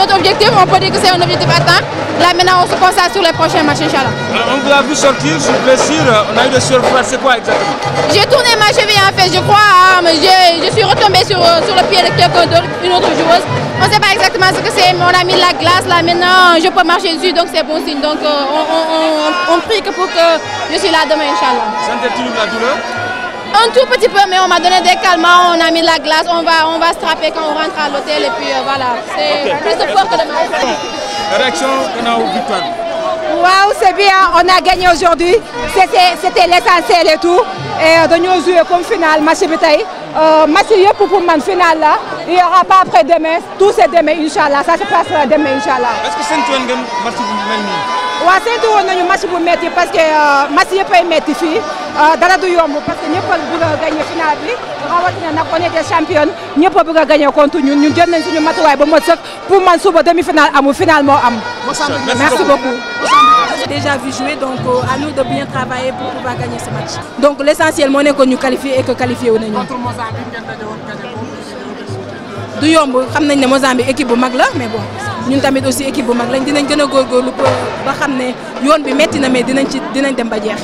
notre objectif, on peut dire que c'est un objectif atteint. Là maintenant, on se concentre sur les prochains matchs, Inch'Allah. Euh, on vous a vu sortir sur blessure, euh, on a eu des surfaces c'est quoi exactement J'ai tourné ma cheville en fait, je crois, ah, mais je, suis retombée euh, sur, le pied de quelqu'un d'autre, une autre joueuse. On ne sait pas exactement ce que c'est, mais on a mis de la glace là maintenant, je peux marcher dessus, donc c'est bon signe. Donc on, prie que pour que je suis là demain, Inch'Allah. Sentez-vous la douleur un tout petit peu, mais on m'a donné des calmants, on a mis de la glace, on va, on va se trapper quand on rentre à l'hôtel et puis euh, voilà, c'est plus fort que le a Réaction victoire Waouh, c'est bien, on a gagné aujourd'hui, c'était l'essentiel et tout. Et euh, on nous jouer comme finale, match bataille. Euh, match pour pour man finale là, il n'y aura pas après demain, tout c'est demain, Inch'Allah, ça se passera demain, Inch'Allah. Est-ce que c'est un match pour mettre Oui, c'est un match pour mettre parce que euh, match pour mettre fille. Euh, dara du yomb parce que ñëpp a bëgg gagner gagné final bi n'a nag on était champion ñëpp a bëgg gagner contre ñun ñun jël nañ suñu matuwaay ba mot sëkk pour man suba demi final amul final mo am. merci beaucoup. déjà vu jouer donc euh, à nous de bien travailler pour pouvoir gagner ce match. donc l'essentiel mon est que ñu qualifier et que qualifié wu nañu. du yomb xam nañ né Mozambique équipe bu mag la mais bon ñun tamit aussi équipe bu mag lañ dinañ gën a góorgóorlu ba xam ne yoon bi metti na mais dinañ ci dinañ dem ba jeex.